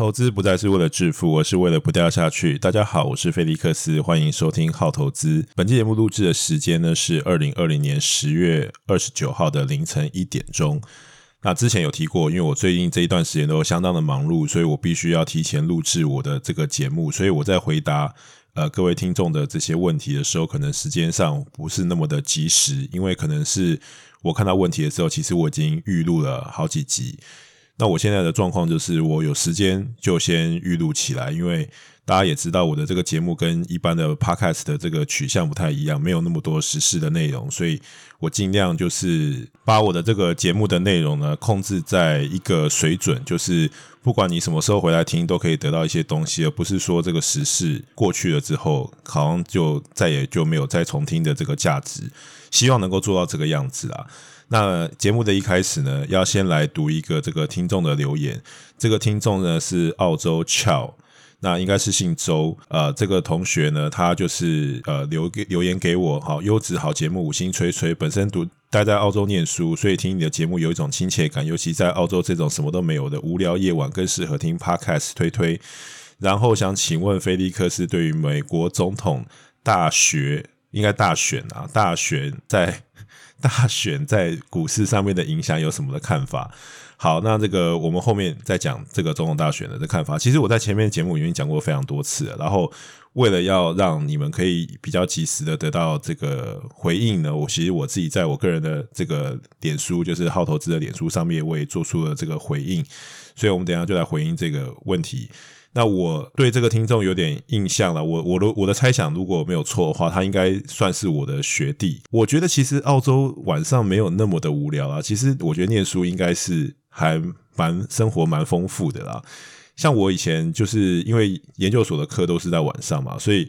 投資不再是為了致富，而是為了不掉下去。大家好，我是菲力克斯，歡迎收聽《好投資》。本期節目錄制的時間呢是二零二零年十月二十九號的凌晨一點鐘。那之前有提過，因為我最近這一段時間都相當的忙碌，所以我必須要提前錄制我的這個節目。所以我在回答呃各位聽眾的這些問題的時候，可能時間上不是那麼的及時，因為可能是我看到問題的時候，其實我已經預錄了好幾集。那我現在的狀況就是，我有時間就先預錄起來，因為大家也知道我的這個節目跟一般的 podcast 的這個取向不太一樣，沒有那麼多時事的內容，所以我盡量就是把我的這個節目的內容呢控制在一個水準，就是不管你什麼時候回來聽，都可以得到一些東西，而不是說這個時事過去了之後，好像就再也就沒有再重聽的這個價值，希望能夠做到這個樣子啦。那節目的一開始呢，要先來讀一個這個聽眾的留言。這個聽眾呢是澳洲 Chow 那應該是姓周。呃，這個同學呢，他就是呃留留言給我，好，優質好節目五星推推本身讀待在澳洲念書，所以聽你的節目有一種親切感。尤其在澳洲這種什麼都沒有的無聊夜晚，更適合聽 Podcast 推推。然後想請問菲力克斯，對於美國總統大學應該大選啊，大選在？大選在股市上面的影響有什麼的看法？好，那這個我們後面再講這個總統大選的這看法。其實我在前面節目已經講過非常多次了，然後為了要讓你們可以比較及時的得到這個回應呢，我其實我自己在我個人的這個臉書，就是好投資的臉書上面，我也做出了這個回應，所以我們等一下就來回應這個問題。那我對這個聽眾有點印象了，我我的我的猜想，如果沒有錯的話，他應該算是我的學弟。我覺得其實澳洲晚上沒有那麼的無聊啊，其實我覺得念書應該是還蠻生活蠻豐富的啦。像我以前就是因為研究所的課都是在晚上嘛，所以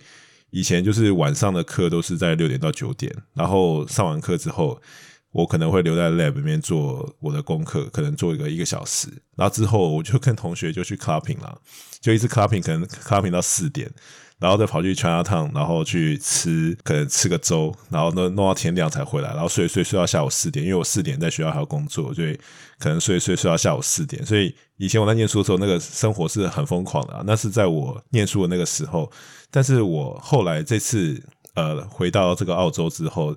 以前就是晚上的課都是在六點到九點，然後上完課之後。我可能會留在 lab 裡面做我的功課，可能做一個一個小時，然後之後我就跟同學就去 copy 了，就一直 copy，可能 copy 到四點，然後再跑去 China Town，然後去吃，可能吃個粥，然後弄弄到天亮才回來，然後睡睡睡到下午四點，因為我四點在學校還要工作，所以可能睡睡睡到下午四點。所以以前我在念書的時候，那個生活是很瘋狂的啦，那是在我念書的那個時候。但是我後來這次呃回到這個澳洲之後。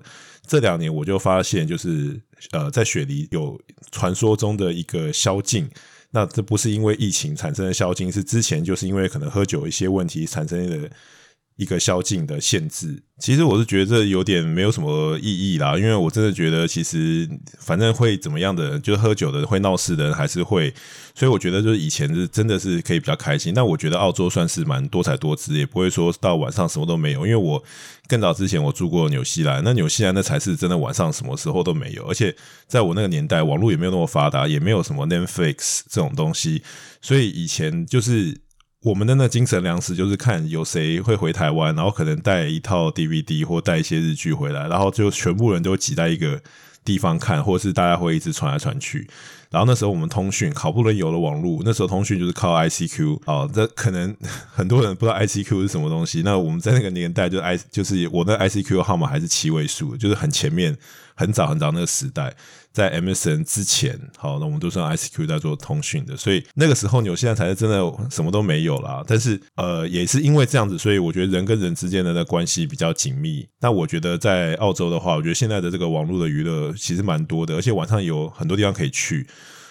這兩年我就發現，就是呃，在雪梨有傳說中的一個宵禁，那這不是因為疫情產生的宵禁，是之前就是因為可能喝酒一些問題產生的。一個宵禁的限制，其實我是覺得這有點沒有什麼意義啦，因為我真的覺得其實反正會怎麼樣的，就是喝酒的會鬧事的人還是會，所以我覺得就是以前是真的是可以比較開心。那我覺得澳洲算是蠻多彩多姿，也不會說到晚上什麼都沒有，因為我更早之前我住過紐西蘭，那紐西蘭那才是真的晚上什麼時候都沒有，而且在我那個年代網絡也沒有那麼發達，也沒有什麼 Netflix 這種東西，所以以前就是。我們的那精神糧食就是看有誰會回台灣，然後可能帶一套 DVD 或帶一些日劇回來，然後就全部人都擠在一個地方看，或者是大家會一直傳來傳去。然後那時候我們通訊好不容易有了網絡，那時候通訊就是靠 ICQ 哦，這可能很多人不知道 ICQ 是什麼東西。那我們在那個年代就是 I 就是我的 ICQ 號碼還是七位數，就是很前面很早很早那個時代。在 MSN 之前，好，那我們都是用 ICQ 在做通訊的，所以那個時候紐西蘭現在才是真的什麼都沒有啦。但是，呃，也是因為這樣子，所以我覺得人跟人之間的那關係比較緊密。那我覺得在澳洲的話，我覺得現在的這個網絡的娛樂其實蠻多的，而且晚上有很多地方可以去。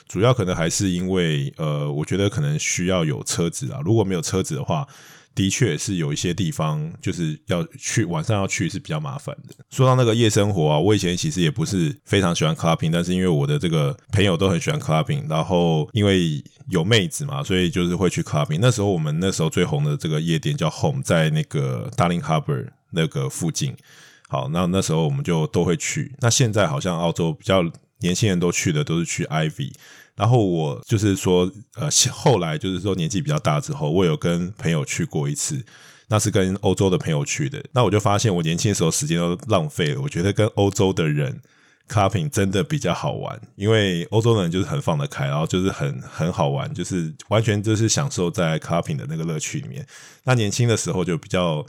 主要可能還是因為，呃，我覺得可能需要有車子啊。如果沒有車子的話，的確是有一些地方，就是要去晚上要去是比較麻煩的。說到那個夜生活啊，我以前其實也不是非常喜歡 clubbing，但是因為我的這個朋友都很喜歡 clubbing，然後因為有妹子嘛，所以就是會去 clubbing。那時候我們那時候最紅的這個夜店叫 Home，在那個 Darling Harbour 那個附近。好，那那時候我們就都會去。那現在好像澳洲比較年輕人都去的都是去 Ivy，然後我就是說，呃，後來就是說年紀比較大之後，我有跟朋友去過一次，那是跟歐洲的朋友去的。那我就發現，我年輕的時候時間都浪費了。我覺得跟歐洲的人，clubbing 真的比較好玩，因為歐洲人就是很放得開，然後就是很很好玩，就是完全就是享受在 clubbing 的那個樂趣裡面。那年輕的時候就比較。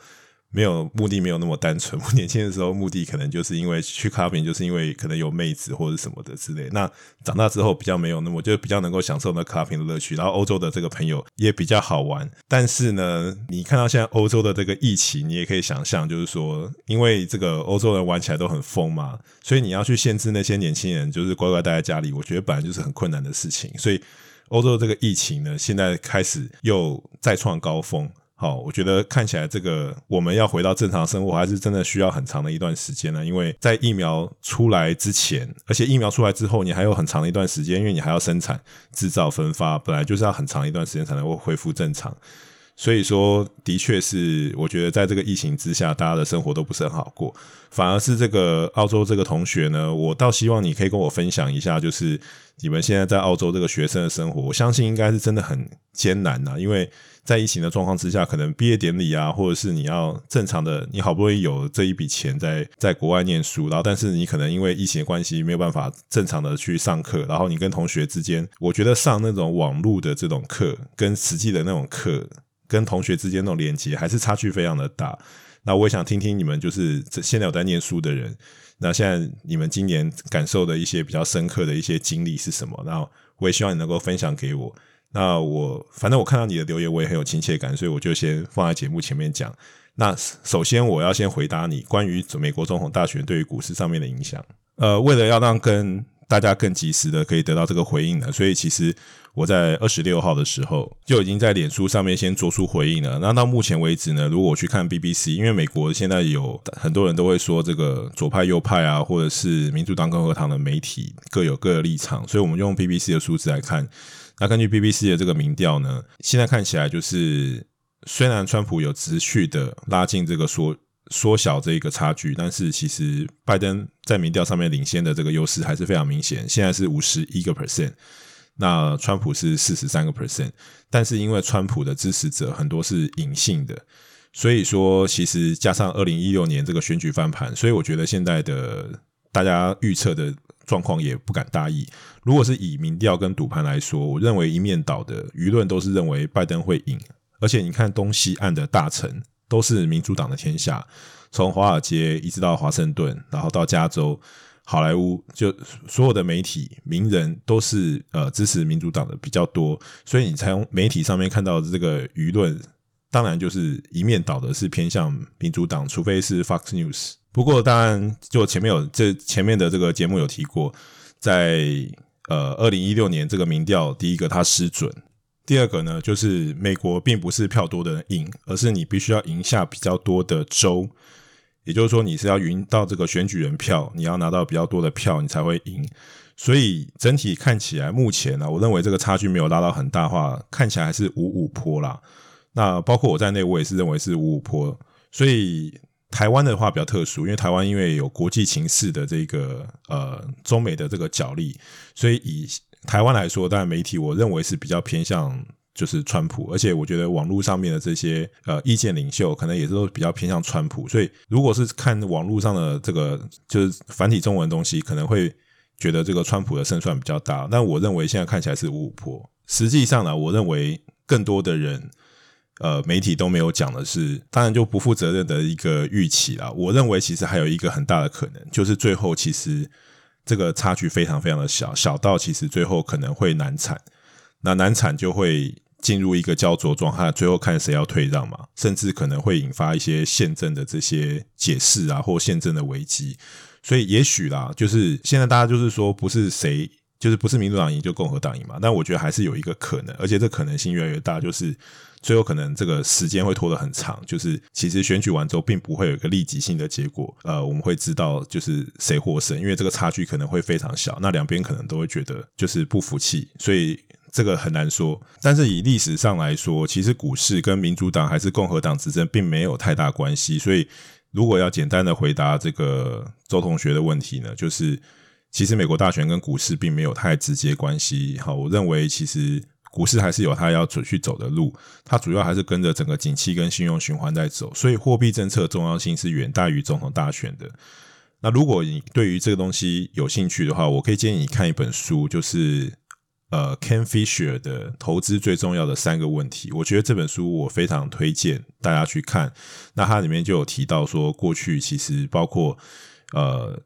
沒有目的沒有那麼單純。我年輕的時候目的可能就是因為去 clubbing，就是因為可能有妹子或者什麼的之類的。那長大之後比較沒有那麼，就比較能夠享受那 clubbing 的樂趣。然後歐洲的這個朋友也比較好玩，但是呢，你看到現在歐洲的這個疫情，你也可以想象，就是說因為這個歐洲人玩起來都很瘋嘛，所以你要去限制那些年輕人，就是乖乖待在家裡，我覺得本來就是很困難的事情。所以歐洲這個疫情呢，現在開始又再創高峰。好，我覺得看起來這個我們要回到正常生活，還是真的需要很長的一段時間呢。因為在疫苗出來之前，而且疫苗出來之後，你還有很長一段時間，因為你還要生產、製造、分發，本來就是要很長一段時間才能夠恢復正常。所以說，的確是我覺得在這個疫情之下，大家的生活都不是很好過，反而是這個澳洲這個同學呢，我倒希望你可以跟我分享一下，就是你們現在在澳洲這個學生的生活，我相信應該是真的很艱難啊，因為，在疫情的狀況之下，可能畢業典禮啊，或者是你要正常的，你好不容易有這一筆錢在在國外念書，然後但是你可能因為疫情的關係，沒有辦法正常的去上課，然後你跟同學之間，我覺得上那種網絡的這種課，跟實際的那種課，跟同學之間那種連接，還是差距非常的大。那我也想聽聽你們，就是現在有在念書的人，那現在你們今年感受的一些比較深刻的一些經歷是什麼？然後我也希望你能夠分享給我。那我反正我看到你的留言，我也很有親切感，所以我就先放在節目前面講。那首先我要先回答你關於美國總統大選對於股市上面的影響。呃，為了要讓跟大家更及時的可以得到這個回應呢，所以其實我在二十六號的時候就已經在臉書上面先做出回應了。那到目前為止呢，如果我去看 BBC，因為美國現在有很多人都會說這個左派、右派啊，或者是民主黨跟共和黨的媒體各有各的立場，所以我們用 BBC 的數字來看。那根據 BBC 的這個民調呢，現在看起來就是，雖然川普有持續的拉近這個縮縮小這一個差距，但是其實拜登在民調上面領先的這個優勢還是非常明顯，現在是五十一個 percent，那川普是四十三個 percent，但是因為川普的支持者很多是隱性的，所以說其實加上二零一六年這個選舉翻盤，所以我覺得現在的大家預測的。狀況也不敢大意。如果是以民調跟賭盤來說，我認為一面倒的輿論都是認為拜登會贏。而且你看東西岸的大城都是民主黨的天下，從華爾街一直到華盛頓，然後到加州、好萊塢，就所有的媒體名人都是呃支持民主黨的比較多，所以你才從媒體上面看到的這個輿論，當然就是一面倒的是偏向民主黨，除非是 Fox News。不過，當然，就前面有這前面的這個節目有提過，在呃，二零一六年這個民調，第一個它失準，第二個呢，就是美國並不是票多的人贏，而是你必須要贏下比較多的州，也就是說，你是要贏到這個選舉人票，你要拿到比較多的票，你才會贏。所以整體看起來，目前呢、啊，我認為這個差距沒有拉到很大化，看起來還是五五波啦。那包括我在內，我也是認為是五五波，所以。台灣的話比較特殊，因為台灣因為有國際情勢的這個呃，中美的這個角力，所以以台灣來說，當然媒體我認為是比較偏向就是川普，而且我覺得網絡上面的這些呃意見領袖可能也是都比較偏向川普，所以如果是看網絡上的這個就是繁體中文的東西，可能會覺得這個川普的勝算比較大。但我認為現在看起來是五五波，實際上呢、啊，我認為更多的人。呃，媒體都沒有講的是，當然就不負責任的一個預期啦。我認為其實還有一個很大的可能，就是最後其實這個差距非常非常的小，小到其實最後可能會難產。那難產就會進入一個焦灼狀態，最後看誰要退讓嘛，甚至可能會引發一些憲政的這些解釋啊，或憲政的危機。所以也許啦，就是現在大家就是說，不是誰就是不是民主黨贏就共和黨贏嘛，但我覺得還是有一個可能，而且這可能性越來越大，就是。最後可能這個時間會拖得很長，就是其實選舉完之後並不會有一個立即性的結果，呃，我們會知道就是誰獲勝，因為這個差距可能會非常小，那兩邊可能都會覺得就是不服氣，所以這個很難說。但是以歷史上來說，其實股市跟民主黨還是共和黨執政並沒有太大關係，所以如果要簡單的回答這個周同學的問題呢，就是其實美國大選跟股市並沒有太直接關係。好，我認為其實。股市還是有它要走去走的路，它主要還是跟着整個景氣跟信用循環在走，所以貨幣政策重要性是遠大於總統大選的。那如果你對於這個東西有興趣的話，我可以建議你看一本書，就是呃 Ken Fisher 的《投資最重要的三個問題》，我覺得這本書我非常推薦大家去看。那它裡面就有提到說，過去其實包括呃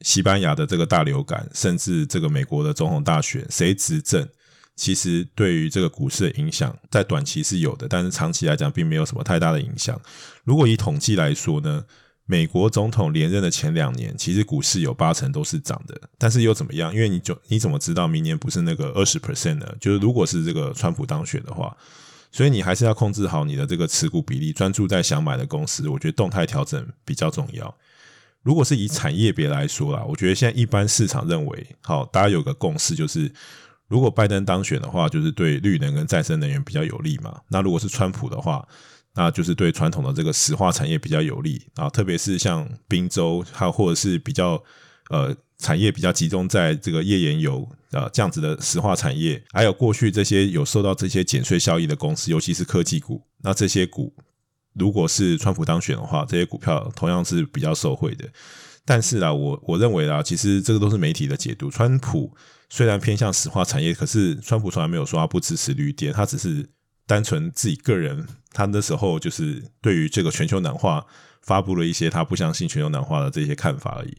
西班牙的這個大流感，甚至這個美國的總統大選誰執政。其實對於這個股市的影響，在短期是有的，但是長期來講並沒有什麼太大的影響。如果以統計來說呢，美國總統連任的前兩年，其實股市有八成都是漲的。但是又怎麼樣？因為你就你怎麼知道明年不是那個二十 percent 呢？就是如果是這個川普當選的話，所以你還是要控制好你的這個持股比例，專注在想買的公司。我覺得動態調整比較重要。如果是以產業別來說啦，我覺得現在一般市場認為，好，大家有個共識就是。如果拜登當選的話，就是對綠能跟再生能源比較有利嘛。那如果是川普的話，那就是對傳統的這個石化產業比較有利啊，特別是像賓州，還有或者是比較呃產業比較集中在這個頁岩油啊這樣子的石化產業，還有過去這些有受到這些減稅效益的公司，尤其是科技股，那這些股如果是川普當選的話，這些股票同樣是比較受惠的。但是啦，我我認為啦，其實這個都是媒體的解讀。川普雖然偏向石化產業，可是川普從來沒有說他不支持綠電，他只是單純自己個人，他那時候就是對於這個全球暖化發佈了一些他不相信全球暖化的這些看法而已。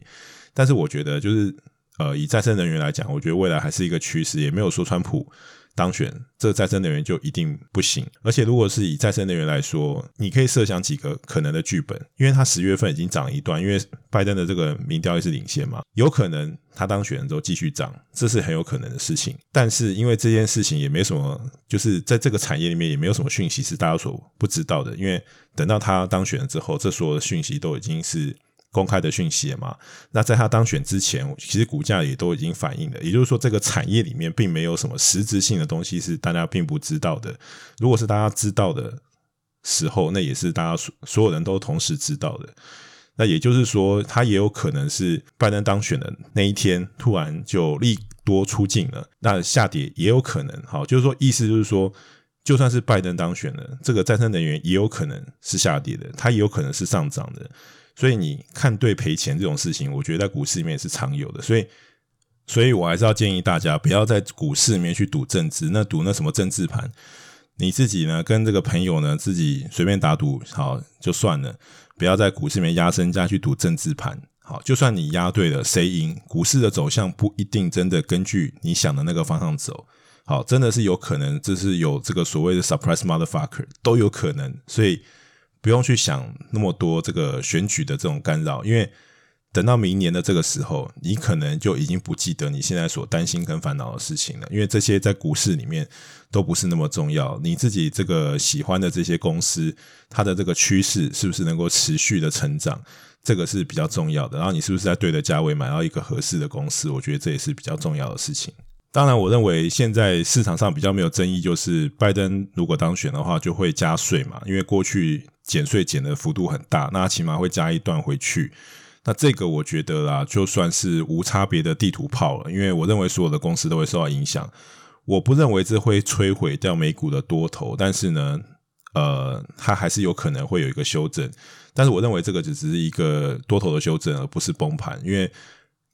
但是我覺得就是，呃，以再生能源來講，我覺得未來還是一個趨勢，也沒有說川普，當選，這個再生能源就一定不行。而且，如果是以再生能源來說，你可以設想幾個可能的劇本，因為它十月份已經漲一段，因為拜登的這個民調也是領先嘛，有可能他當選了之後繼續漲，這是很有可能的事情。但是，因為這件事情也沒什麼，就是在這個產業裡面也沒有什麼訊息是大家所不知道的，因為等到他當選了之後，這所有的訊息都已經是公開的訊息了嘛，那在他當選之前，其實股價也都已經反映了。也就是說，這個產業裡面並沒有什麼實質性的東西是大家並不知道的。如果是大家知道的時候，那也是大家所所有人都同時知道的。那也就是說，他也有可能是拜登當選的那一天突然就利多出盡了，那下跌也有可能。好，就是說意思就是說，就算是拜登當選了，這個再生能源也有可能是下跌的，它也有可能是上漲的。所以你看對賠錢這種事情，我覺得在股市裡面也是常有的。所以，所以我還是要建議大家不要在股市裡面去賭政治，那賭那什麼政治盤，你自己呢跟這個朋友呢自己隨便打賭好，就算了，不要在股市裡面壓身家去賭政治盤。好，就算你壓對了誰贏，股市的走向不一定真的根據你想的那個方向走。好，真的是有可能，這是有這個所謂的 surprise motherfucker 都有可能。所以。不用去想那麼多這個選舉的這種干擾，因為等到明年的這個時候，你可能就已經不記得你現在所擔心跟煩惱的事情了。因為這些在股市裡面都不是那麼重要。你自己這個喜歡的這些公司，它的這個趨勢是不是能夠持續的成長，這個是比較重要的。然後你是不是在對的價位買到一個合適的公司，我覺得這也是比較重要的事情。當然，我認為現在市場上比較沒有爭議，就是拜登如果當選的話，就會加稅嘛，因為過去。減稅減的幅度很大，那起碼會加一段回去。那這個我覺得啦，就算是無差別的地圖炮了，因為我認為所有的公司都會受到影響。我不認為這會摧毀掉美股的多頭，但是呢，呃，它還是有可能會有一個修正。但是我認為這個只只是一個多頭的修正，而不是崩盤。因為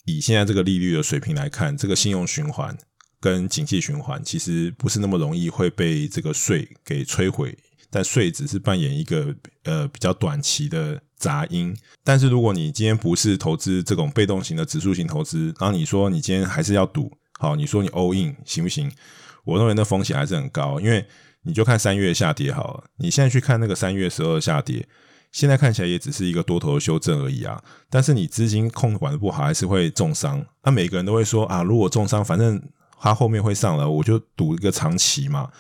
以現在這個利率的水平來看，這個信用循環跟景氣循環其實不是那麼容易會被這個稅給摧毀。但稅只是扮演一個呃比較短期的雜音，但是如果你今天不是投資這種被動型的指數型投資，然後你說你今天還是要賭，好，你說你 all in 行不行？我認為那風險還是很高，因為你就看三月下跌好了，你現在去看那個三月十二下跌，現在看起來也只是一個多頭的修正而已啊。但是你資金控管的不好，還是會重傷。那每個人都會說啊，如果重傷，反正他後面會上來，我就賭一個長期嘛。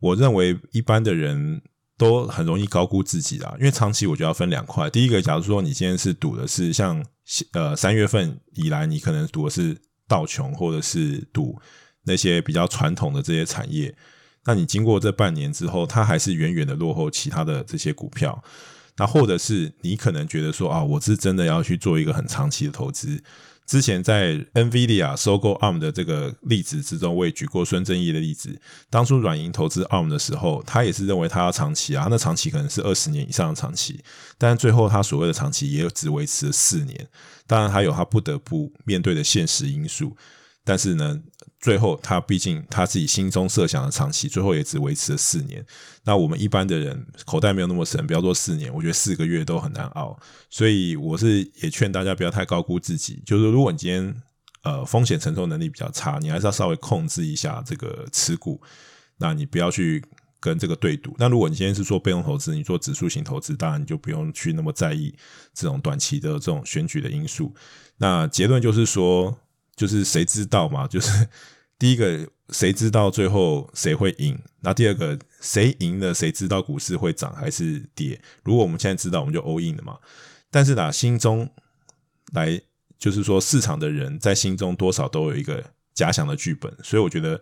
我認為一般的人都很容易高估自己啊，因為長期我覺得要分兩塊。第一個，假如說你今天是賭的是像呃三月份以來，你可能賭的是道瓊，或者是賭那些比較傳統的這些產業，那你經過這半年之後，它還是遠遠的落後其他的這些股票。那或者是你可能覺得說啊，我是真的要去做一個很長期的投資。之前在 NVIDIA 收購 ARM 的這個例子之中，我也舉過孫正義的例子。當初軟銀投資 ARM 的時候，他也是認為他要長期啊，那長期可能是二十年以上的長期。但最後他所謂的長期，也只維持了四年。當然還有他不得不面對的現實因素。但是呢。最後，他畢竟他自己心中設想的長期，最後也只維持了四年。那我們一般的人口袋沒有那麼深，不要做四年。我覺得四個月都很難熬。所以，我是也勸大家不要太高估自己。就是如果你今天呃風險承受能力比較差，你還是要稍微控制一下這個持股。那你不要去跟這個對賭。那如果你今天是做被動投資，你做指數型投資，當然你就不用去那麼在意這種短期的這種選舉的因素。那結論就是說。就是誰知道嘛？就是第一個誰知道最後誰會贏？那第二個誰贏了，誰知道股市會漲還是跌？如果我們現在知道，我們就 all in 了嘛。但是打心中來，就是說市場的人在心中多少都有一個假想的劇本，所以我覺得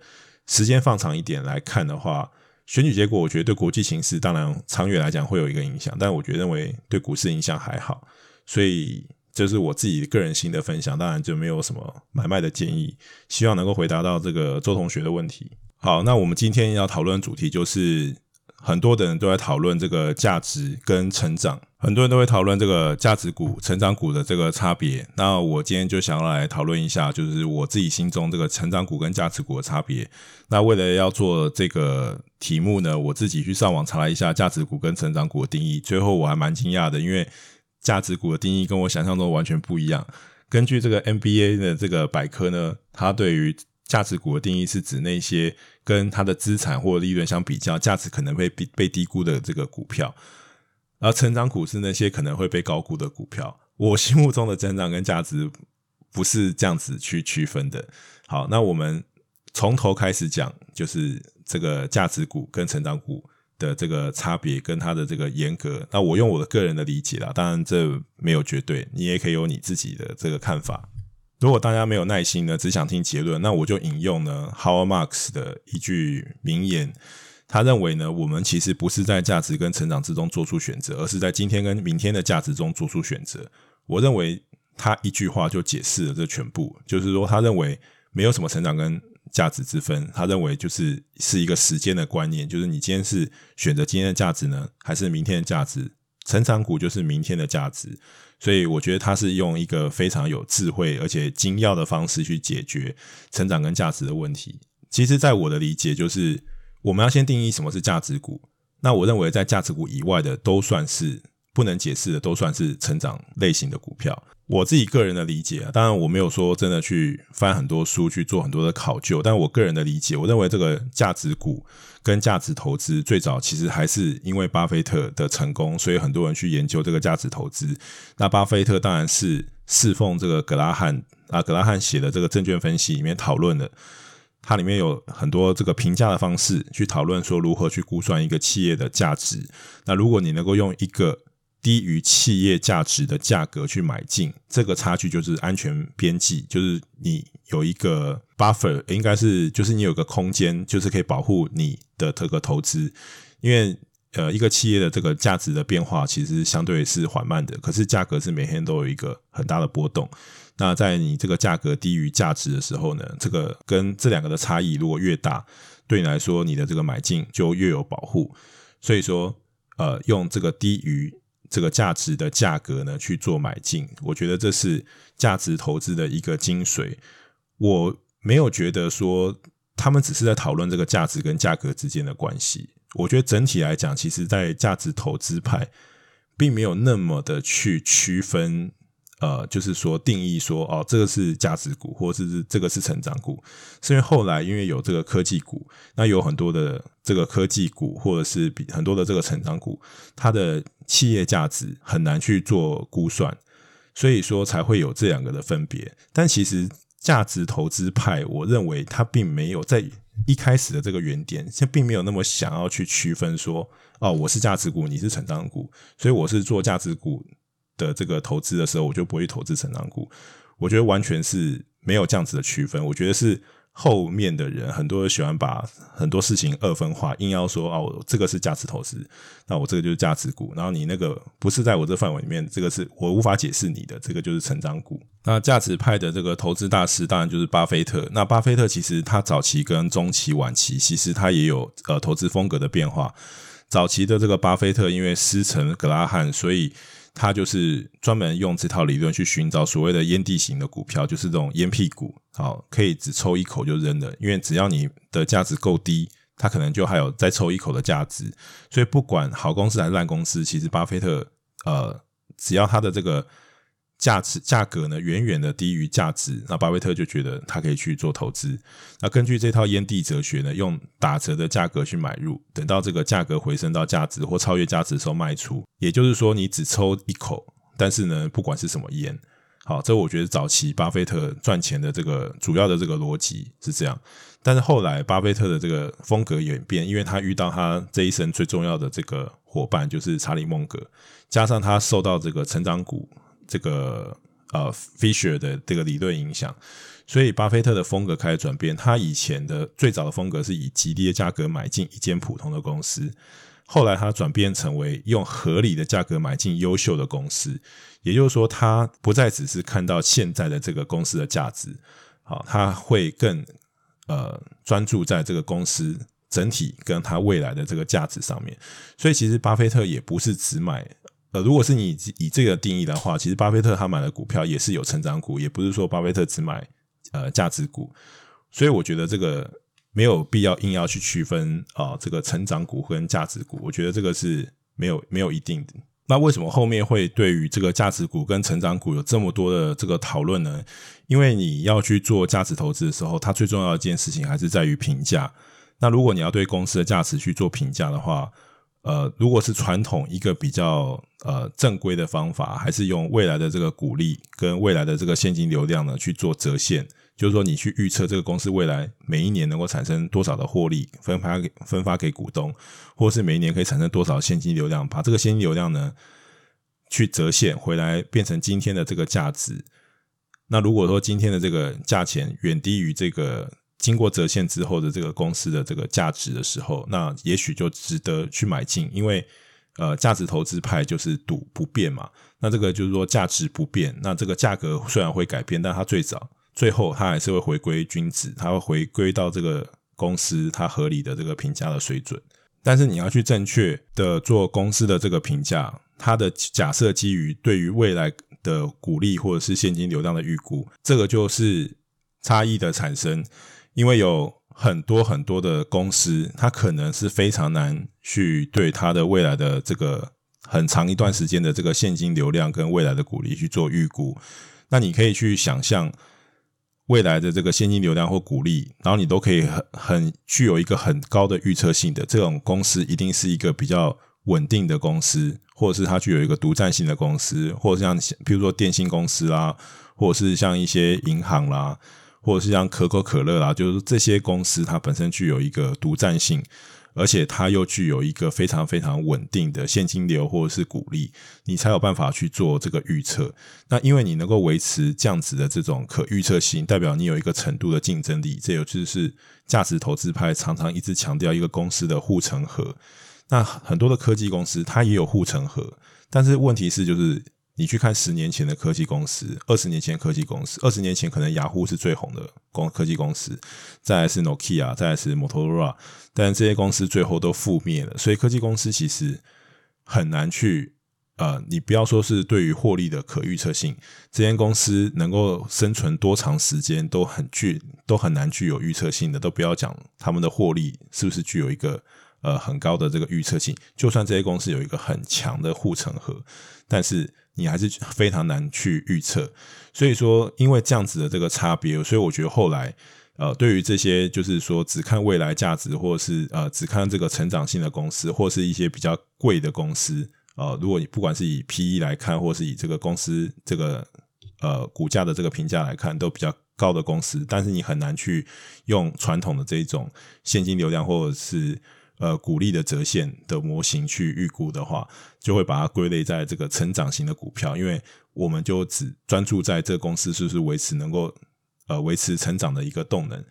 時間放長一點來看的話，選舉結果，我覺得對國際形勢當然長遠來講會有一個影響，但我覺得認為對股市影響還好，所以。這是我自己個人心得分享，當然就沒有什麼買賣的建議，希望能夠回答到這個周同學的問題。好，那我們今天要討論主題就是，很多的人都在討論這個價值跟成長，很多人都會討論這個價值股、成長股的這個差別。那我今天就想要來討論一下，就是我自己心中這個成長股跟價值股的差別。那為了要做這個題目呢，我自己去上網查了一下價值股跟成長股的定義，最後我還蠻驚訝的，因為。價值股的定義跟我想象中完全不一樣。根據這個 MBA 的這個百科呢，它對於價值股的定義是指那些跟它的資產或利潤相比較，價值可能會被被低估的這個股票。而成長股是那些可能會被高估的股票。我心目中的增長跟價值不是這樣子去區分的。好，那我們從頭開始講，就是這個價值股跟成長股。的這個差別跟他的這個嚴格，那我用我的個人的理解啦，當然這沒有絕對，你也可以有你自己的這個看法。如果大家沒有耐心呢，只想聽結論，那我就引用呢 Howard Marks 的一句名言，他認為呢，我們其實不是在價值跟成長之中做出選擇，而是在今天跟明天的價值中做出選擇。我認為他一句話就解釋了這全部，就是說他認為沒有什麼成長跟。價值之分，他認為就是是一個時間的觀念，就是你今天是選擇今天的價值呢，還是明天的價值？成長股就是明天的價值，所以我覺得他是用一個非常有智慧而且精要的方式去解決成長跟價值的問題。其實，在我的理解，就是我們要先定義什麼是價值股，那我認為在價值股以外的都算是不能解釋的，都算是成長類型的股票。我自己個人的理解啊，當然我沒有說真的去翻很多書去做很多的考究，但我個人的理解，我認為這個價值股跟價值投資最早其實還是因為巴菲特的成功，所以很多人去研究這個價值投資。那巴菲特當然是侍奉這個格拉漢啊，格拉漢寫的這個證券分析裡面討論的，它裡面有很多這個評價的方式，去討論說如何去估算一個企業的價值。那如果你能夠用一個低於企業價值的價格去買進，這個差距就是安全邊際，就是你有一個 buffer，應該是就是你有一個空間，就是可以保護你的這個投資。因為呃，一個企業的這個價值的變化其實相對是緩慢的，可是價格是每天都有一個很大的波動。那在你這個價格低於價值的時候呢，這個跟這兩個的差異如果越大，對你來說你的這個買進就越有保護。所以說，呃，用這個低於，這個價值的價格呢，去做買進，我覺得這是價值投資的一個精髓。我沒有覺得說他們只是在討論這個價值跟價格之間的關係。我覺得整體來講，其實，在價值投資派並沒有那麼的去區分，呃，就是說定義說哦，這個是價值股，或者是這個是成長股，是因為後來因為有這個科技股，那有很多的這個科技股，或者是比很多的這個成長股，它的。企業價值很難去做估算，所以說才會有這兩個的分別。但其實價值投資派，我認為它並沒有在一開始的這個原點，並沒有那麼想要去區分說，哦，我是價值股，你是成長股，所以我是做價值股的這個投資的時候，我就不會投資成長股。我覺得完全是沒有這樣子的區分，我覺得是。後面的人很多人喜歡把很多事情二分化，硬要說啊，我這個是價值投資，那我這個就是價值股，然後你那個不是在我這範圍裡面，這個是我無法解釋你的，這個就是成長股。那價值派的這個投資大師，當然就是巴菲特。那巴菲特其實他早期、跟中期、晚期，其實他也有呃投資風格的變化。早期的這個巴菲特，因為師承格拉漢，所以。他就是專門用這套理論去尋找所謂的煙蒂型的股票，就是這種煙屁股，好，可以只抽一口就扔了。因為只要你的價值夠低，他可能就還有再抽一口的價值。所以不管好公司還是爛公司，其實巴菲特呃，只要他的這個。價值價格呢，遠遠的低於價值，那巴菲特就覺得他可以去做投資。那根據這套煙蒂哲學呢，用打折的價格去買入，等到這個價格回升到價值或超越價值的時候賣出。也就是說，你只抽一口，但是呢，不管是什麼煙。好，這我覺得早期巴菲特賺錢的這個主要的這個邏輯是這樣。但是後來巴菲特的這個風格演變，因為他遇到他這一生最重要的這個夥伴就是查理·蒙格，加上他受到這個成長股這個呃，Fisher 的這個理論影響，所以巴菲特的風格開始轉變。他以前的最早的風格是以極低的價格買進一間普通的公司，後來他轉變成為用合理的價格買進優秀的公司。也就是說，他不再只是看到現在的這個公司的價值，好，他會更呃專注在這個公司整體跟他未來的這個價值上面。所以，其實巴菲特也不是只買。呃，如果是你以這個定義的話，其實巴菲特他買的股票也是有成長股，也不是說巴菲特只買呃價值股，所以我覺得這個沒有必要硬要去區分啊，呃，這個成長股跟價值股，我覺得這個是沒有沒有一定的。那為什麼後面會對於這個價值股跟成長股有這麼多的這個討論呢？因為你要去做價值投資的時候，它最重要的一件事情還是在於評價。那如果你要對公司的價值去做評價的話，呃，如果是傳統一個比較呃正規的方法，還是用未來的這個股利跟未來的這個現金流量呢去做折現，就是說你去預測這個公司未來每一年能夠產生多少的獲利分發給分發給股東，或是每一年可以產生多少現金流量，把這個現金流量呢去折現回來變成今天的這個價值。那如果說今天的這個價錢遠低於這個經過折現之後的這個公司的這個價值的時候，那也許就值得去買進，因為呃，價值投資派就是賭不變嘛。那這個就是說價值不變，那這個價格雖然會改變，但它最早、最後它還是會回歸均值，它會回歸到這個公司它合理的這個評價的水準。但是你要去正確的做公司的這個評價，它的假設基於對於未來的股利或者是現金流量的預估，這個就是差異的產生。因為有很多很多的公司，它可能是非常難去對它的未來的這個很長一段時間的這個現金流量跟未來的股利去做預估。那你可以去想象未來的這個現金流量或股利，然後你都可以很很具有一個很高的預測性的這種公司，一定是一個比較穩定的公司，或者是它具有一個獨佔性的公司，或者像比如說電信公司啦，或者是像一些銀行啦。或者是像可口可樂啦，就是這些公司它本身具有一個獨佔性，而且它又具有一個非常非常穩定的現金流，或者是股利，你才有辦法去做這個預測。那因為你能夠維持這樣子的這種可預測性，代表你有一個程度的競爭力。這也就是價值投資派常常一直強調一個公司的護城河。那很多的科技公司它也有護城河，但是問題是就是。你去看十年前的科技公司，二十年前的科技公司，二十年前可能雅虎、ah、是最紅的公科技公司，再來是 Nokia，、ok、再來是 Motorola，但這些公司最後都覆滅了。所以科技公司其實很難去，呃，你不要說是對於獲利的可預測性，這些公司能夠生存多長時間都很具都很難具有預測性的，都不要講他們的獲利是不是具有一個呃很高的這個預測性。就算這些公司有一個很強的護城河，但是你還是非常難去預測，所以說，因為這樣子的這個差別，所以我覺得後來，呃，對於這些就是說只看未來價值，或者是呃只看這個成長性的公司，或是一些比較貴的公司，呃，如果你不管是以 PE 來看，或是以這個公司這個呃股價的這個評價來看，都比較高的公司，但是你很難去用傳統的這種現金流量或者是。呃，股利的折現的模型去預估的話，就會把它歸類在這個成長型的股票，因為我們就只專注在這個公司是不是維持能夠呃維持成長的一個動能。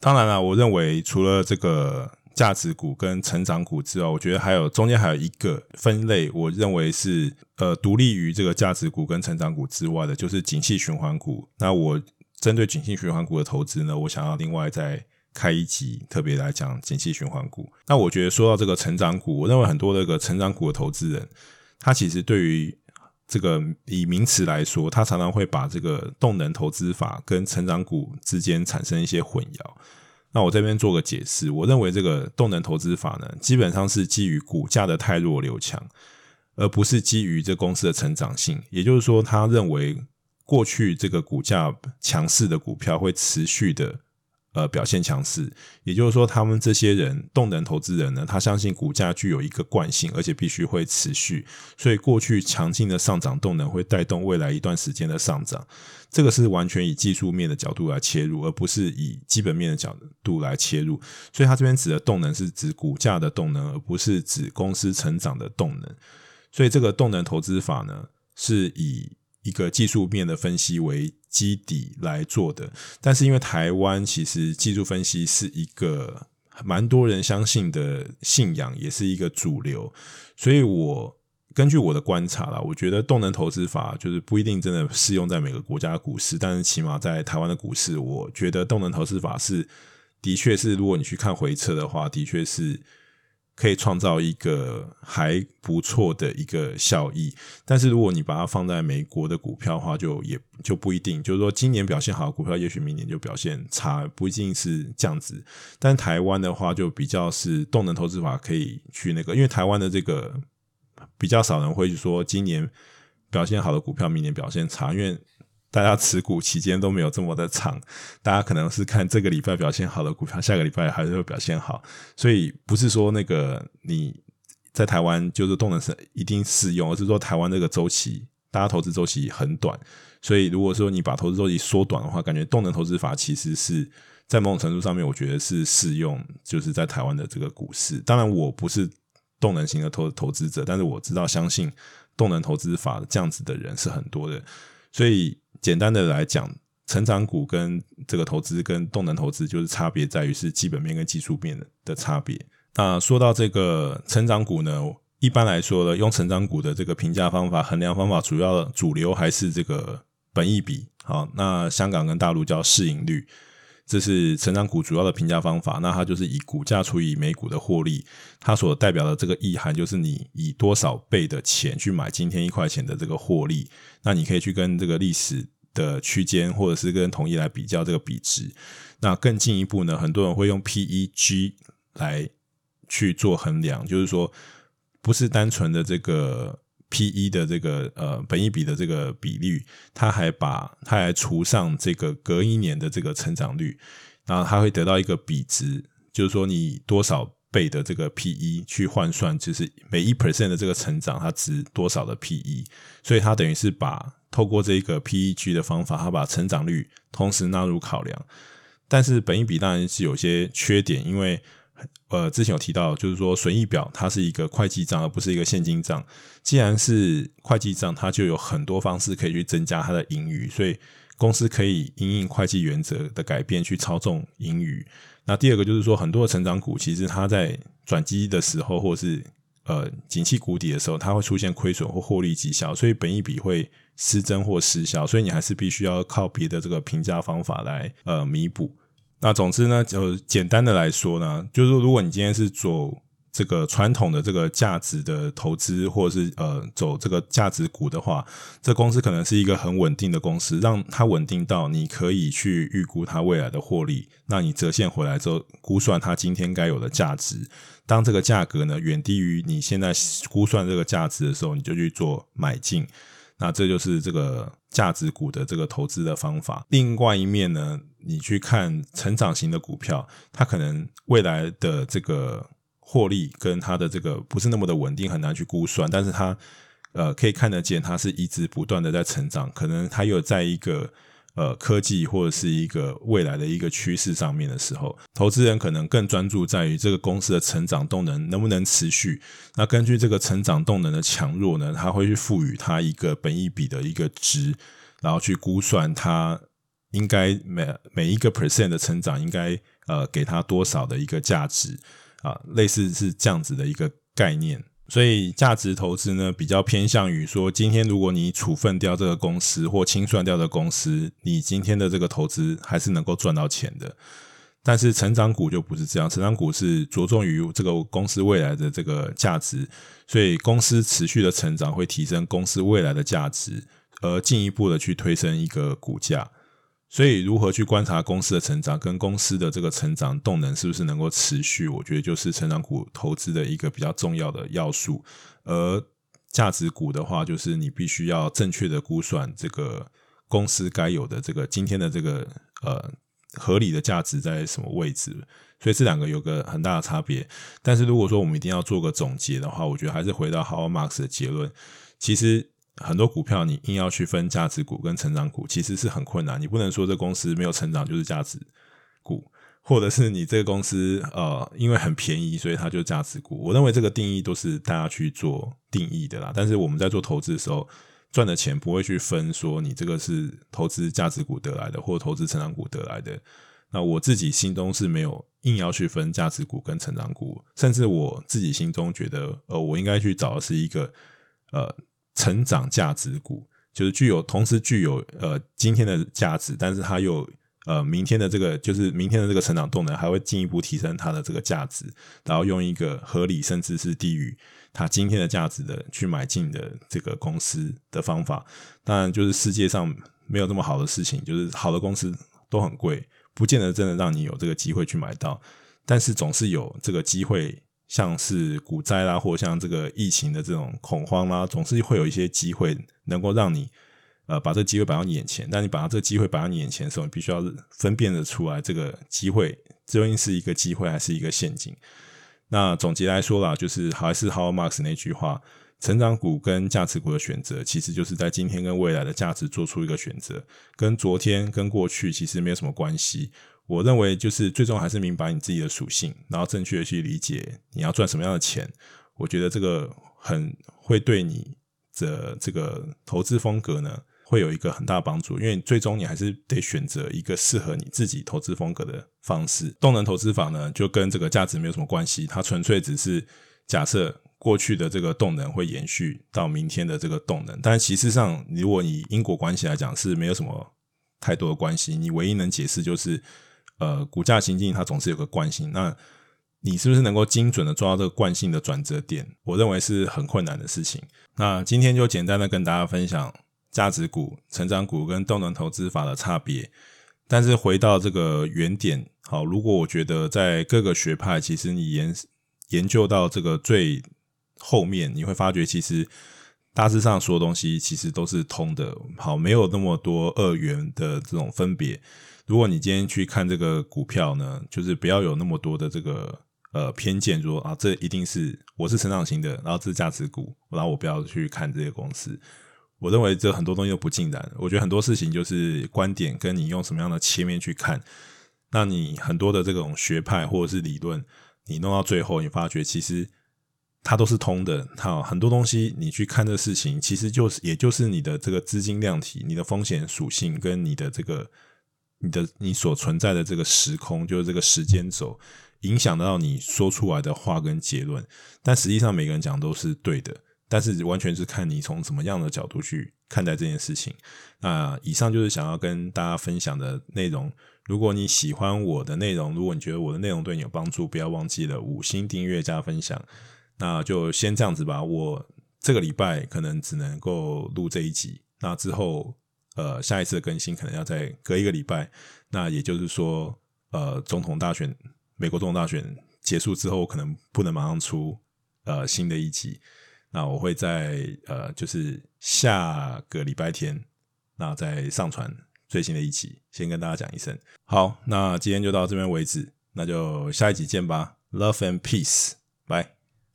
當然了，我認為除了這個價值股跟成長股之外，我覺得還有中間還有一個分類，我認為是呃獨立於這個價值股跟成長股之外的，就是景氣循環股。那我針對景氣循環股的投資呢，我想要另外再。開一集，特別來講，景氣循環股。那我覺得說到這個成長股，我認為很多這個成長股的投資人，他其實對於這個以名詞來說，他常常會把這個動能投資法跟成長股之間產生一些混淆。那我這邊做個解釋，我認為這個動能投資法呢，基本上是基於股價的汰弱留強，而不是基於這公司的成長性。也就是說，他認為過去這個股價強勢的股票會持續的。呃，表現強勢，也就是說，他們這些人動能投資人呢，他相信股價具有一個慣性，而且必須會持續，所以過去強勁的上漲動能會帶動未來一段時間的上漲。這個是完全以技術面的角度來切入，而不是以基本面的角度來切入。所以，他這邊指的動能是指股價的動能，而不是指公司成長的動能。所以，這個動能投資法呢，是以一個技術面的分析為基底來做的，但是因為台灣其實技術分析是一個蠻多人相信的信仰，也是一個主流，所以我根據我的觀察啦，我覺得動能投資法就是不一定真的適用在每個國家的股市，但是起碼在台灣的股市，我覺得動能投資法是的確是，如果你去看回撤的話，的確是。可以創造一個還不錯的一個效益，但是如果你把它放在美國的股票的話，就也就不一定。就是說，今年表現好的股票，也許明年就表現差，不一定是這樣子。但台灣的話，就比較是動能投資法可以去那個，因為台灣的這個比較少人會去說，今年表現好的股票，明年表現差，因為。大家持股期間都沒有這麼的長，大家可能是看這個禮拜表現好的股票，下個禮拜還是會表現好，所以不是說那個你在台灣就是動能是一定適用，而是說台灣這個週期，大家投資週期很短，所以如果說你把投資週期縮短的話，感覺動能投資法其實是在某種程度上面，我覺得是適用，就是在台灣的這個股市。當然我不是動能型的投投資者，但是我知道相信動能投資法這樣子的人是很多的，所以。簡單的來講，成長股跟這個投資跟動能投資就是差別在於是基本面跟技術面的差別。那說到這個成長股呢，一般來說呢，用成長股的這個評價方法、衡量方法，主要主流還是這個本益比。好，那香港跟大陸叫市盈率。這是成長股主要的評價方法，那它就是以股價除以每股的獲利，它所代表的這個意涵就是你以多少倍的錢去買今天一塊錢的這個獲利，那你可以去跟這個歷史的區間或者是跟同業來比較這個比值。那更進一步呢，很多人會用 PEG 來去做衡量，就是說不是單純的這個。P/E 的這個呃，本益比的這個比率，它還把它還除上這個隔一年的這個成長率，然後它會得到一個比值，就是說你多少倍的這個 P/E 去換算，就是每一 percent 的這個成長，它值多少的 P/E，所以它等於是把透過這個 PEG 的方法，它把成長率同時納入考量。但是本益比當然是有些缺點，因為。呃，之前有提到，就是說損益表它是一個會計賬，而不是一個現金賬。既然是會計賬，它就有很多方式可以去增加它的盈餘，所以公司可以因應會計原則的改變去操縱盈餘。那第二個就是說，很多的成長股其實它在轉機的時候，或是呃景氣谷底的時候，它會出現虧損或獲利極小，所以本益比會失真或失效，所以你還是必須要靠別的這個評價方法來呃彌補。那總之呢，就簡單的來說呢，就是說如果你今天是走這個傳統的這個價值的投資，或者是呃走這個價值股的話，這公司可能是一個很穩定的公司，讓它穩定到你可以去預估它未來的獲利，那你折現回來之後估算它今天該有的價值，當這個價格呢遠低於你現在估算這個價值的時候，你就去做買進。那這就是這個價值股的這個投資的方法。另外一面呢，你去看成長型的股票，它可能未來的這個獲利跟它的這個不是那麼的穩定，很難去估算。但是它，呃，可以看得見，它是一直不斷的在成長，可能它有在一個。呃，科技或者是一個未來的一個趨勢上面的時候，投資人可能更專注在於這個公司的成長動能能不能持續。那根據這個成長動能的強弱呢，他會去賦予它一個本益比的一個值，然後去估算它應該每每一個 percent 的成長應該呃給它多少的一個價值啊，呃，類似是這樣子的一個概念。所以，價值投資呢，比較偏向於說，今天如果你處分掉這個公司或清算掉的公司，你今天的這個投資還是能夠賺到錢的。但是，成長股就不是這樣，成長股是着重於這個公司未來的這個價值，所以公司持續的成長會提升公司未來的價值，而進一步的去推升一個股價。所以，如何去觀察公司的成長，跟公司的這個成長動能是不是能夠持續？我覺得就是成長股投資的一個比較重要的要素。而價值股的話，就是你必須要正確的估算這個公司該有的這個今天的這個呃合理的價值在什麼位置。所以這兩個有個很大的差別。但是如果說我們一定要做個總結的話，我覺得還是回到 Howard Marks 的結論，其實。很多股票你硬要去分價值股跟成長股，其實是很困難。你不能說這公司沒有成長就是價值股，或者是你這個公司呃因為很便宜所以它就價值股。我認為這個定義都是大家去做定義的啦。但是我們在做投資的時候，賺的錢不會去分說你這個是投資價值股得來的，或者投資成長股得來的。那我自己心中是沒有硬要去分價值股跟成長股，甚至我自己心中覺得呃我應該去找的是一個呃。成長價值股就是具有同時具有呃今天的價值，但是它又呃明天的這個就是明天的這個成長動能還會進一步提升它的這個價值，然後用一個合理甚至是低於它今天的價值的去買進的這個公司的方法。當然就是世界上沒有這麼好的事情，就是好的公司都很貴，不見得真的讓你有這個機會去買到，但是總是有這個機會。像是股災啦，或像這個疫情的這種恐慌啦，總是會有一些機會能夠讓你呃把這個機會擺到你眼前。但你把這個機會擺到你眼前的時候，你必須要分辨得出來這個機會究竟是一個機會還是一個陷阱。那總結來說啦，就是還是 Howard Marks 那句話：成長股跟價值股的選擇，其實就是在今天跟未來的價值做出一個選擇，跟昨天跟過去其實沒有什麼關係。我認為就是最終還是明白你自己的屬性，然後正確的去理解你要賺什麼樣的錢。我覺得這個很會對你的這個投資風格呢，會有一個很大的幫助。因為最終你還是得選擇一個適合你自己投資風格的方式。動能投資法呢，就跟這個價值沒有什麼關係，它純粹只是假設過去的這個動能會延續到明天的這個動能。但其實上，如果你因果關係來講是沒有什麼太多的關係，你唯一能解釋就是。呃，股價行進它總是有個慣性，那你是不是能夠精準的抓到這個慣性的轉折點？我認為是很困難的事情。那今天就簡單的跟大家分享價值股、成長股跟動能投資法的差別。但是回到這個原點，好，如果我覺得在各個學派，其實你研研究到這個最後面，你會發覺其實大致上所有東西其實都是通的。好，沒有那麼多二元的這種分別。如果你今天去看這個股票呢，就是不要有那麼多的這個呃偏見說，說啊，這一定是我是成長型的，然後這是價值股，然後我不要去看這些公司。我認為這很多東西都不盡然。我覺得很多事情就是觀點跟你用什麼樣的切面去看，那你很多的這種學派或者是理論，你弄到最後，你發覺其實它都是通的。好，很多東西你去看這事情，其實就是也就是你的這個資金量體、你的風險屬性跟你的這個。你的你所存在的這個時空，就是這個時間軸，影響到你說出來的話跟結論。但實際上，每個人講的都是對的，但是完全是看你從怎麼樣的角度去看待這件事情。那以上就是想要跟大家分享的內容。如果你喜歡我的內容，如果你覺得我的內容對你有幫助，不要忘記了五星訂閱加分享。那就先這樣子吧。我這個禮拜可能只能夠錄這一集，那之後。呃，下一次的更新可能要再隔一個禮拜，那也就是說，呃，總統大選，美國總統大選結束之後，可能不能馬上出呃新的一集，那我會在呃就是下個禮拜天，那再上傳最新的一集，先跟大家講一聲。好，那今天就到這邊為止，那就下一集見吧，Love and Peace，拜。